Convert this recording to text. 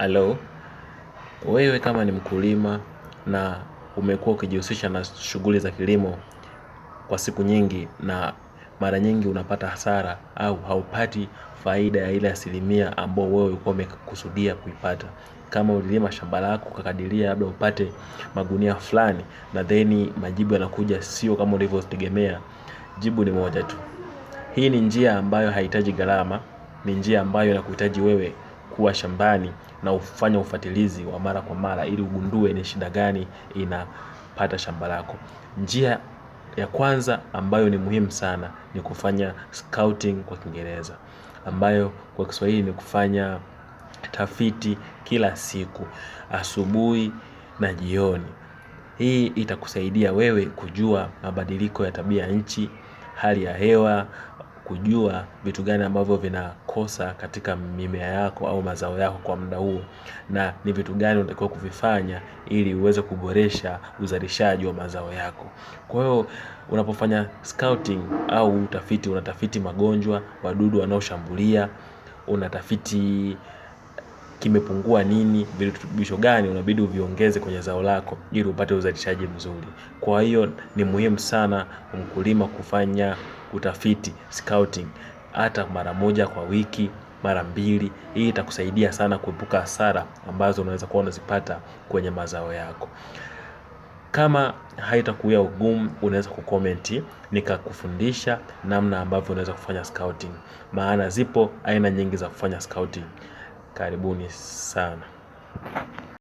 Hello. wewe kama ni mkulima na umekuwa ukijihusisha na shughuli za kilimo kwa siku nyingi na mara nyingi unapata hasara au haupati faida ya ile asilimia ambao wewe ulikuwa umekusudia kuipata. Kama ulilima shamba lako ukakadiria labda upate magunia fulani na theni majibu yanakuja sio kama ulivyotegemea, jibu ni moja tu. Hii ni njia ambayo haihitaji gharama, ni njia ambayo inakuhitaji wewe kuwa shambani na ufanya ufatilizi wa mara kwa mara ili ugundue ni shida gani inapata shamba lako. Njia ya kwanza ambayo ni muhimu sana ni kufanya scouting kwa kiingereza ambayo kwa kiswahili ni kufanya tafiti kila siku asubuhi na jioni. Hii itakusaidia wewe kujua mabadiliko ya tabia nchi, hali ya hewa, kujua vitu gani ambavyo vinakosa katika mimea yako au mazao yako kwa muda huo na ni vitu gani unatakiwa kuvifanya ili uweze kuboresha uzalishaji wa mazao yako. Kwa hiyo unapofanya scouting au utafiti unatafiti magonjwa, wadudu wanaoshambulia, unatafiti kimepungua nini, virutubisho gani unabidi uviongeze kwenye zao lako ili upate uzalishaji mzuri. Kwa hiyo ni muhimu sana mkulima kufanya utafiti scouting hata mara moja kwa wiki mara mbili. Hii itakusaidia sana kuepuka hasara ambazo unaweza kuwa unazipata kwenye mazao yako. Kama haitakuwa ugumu unaweza kukomenti nikakufundisha namna ambavyo unaweza kufanya scouting. Maana zipo aina nyingi za kufanya scouting. Karibuni sana.